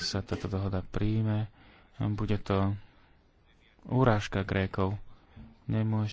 sa táto dohoda príjme, bude to urážka Grékov. Nemôže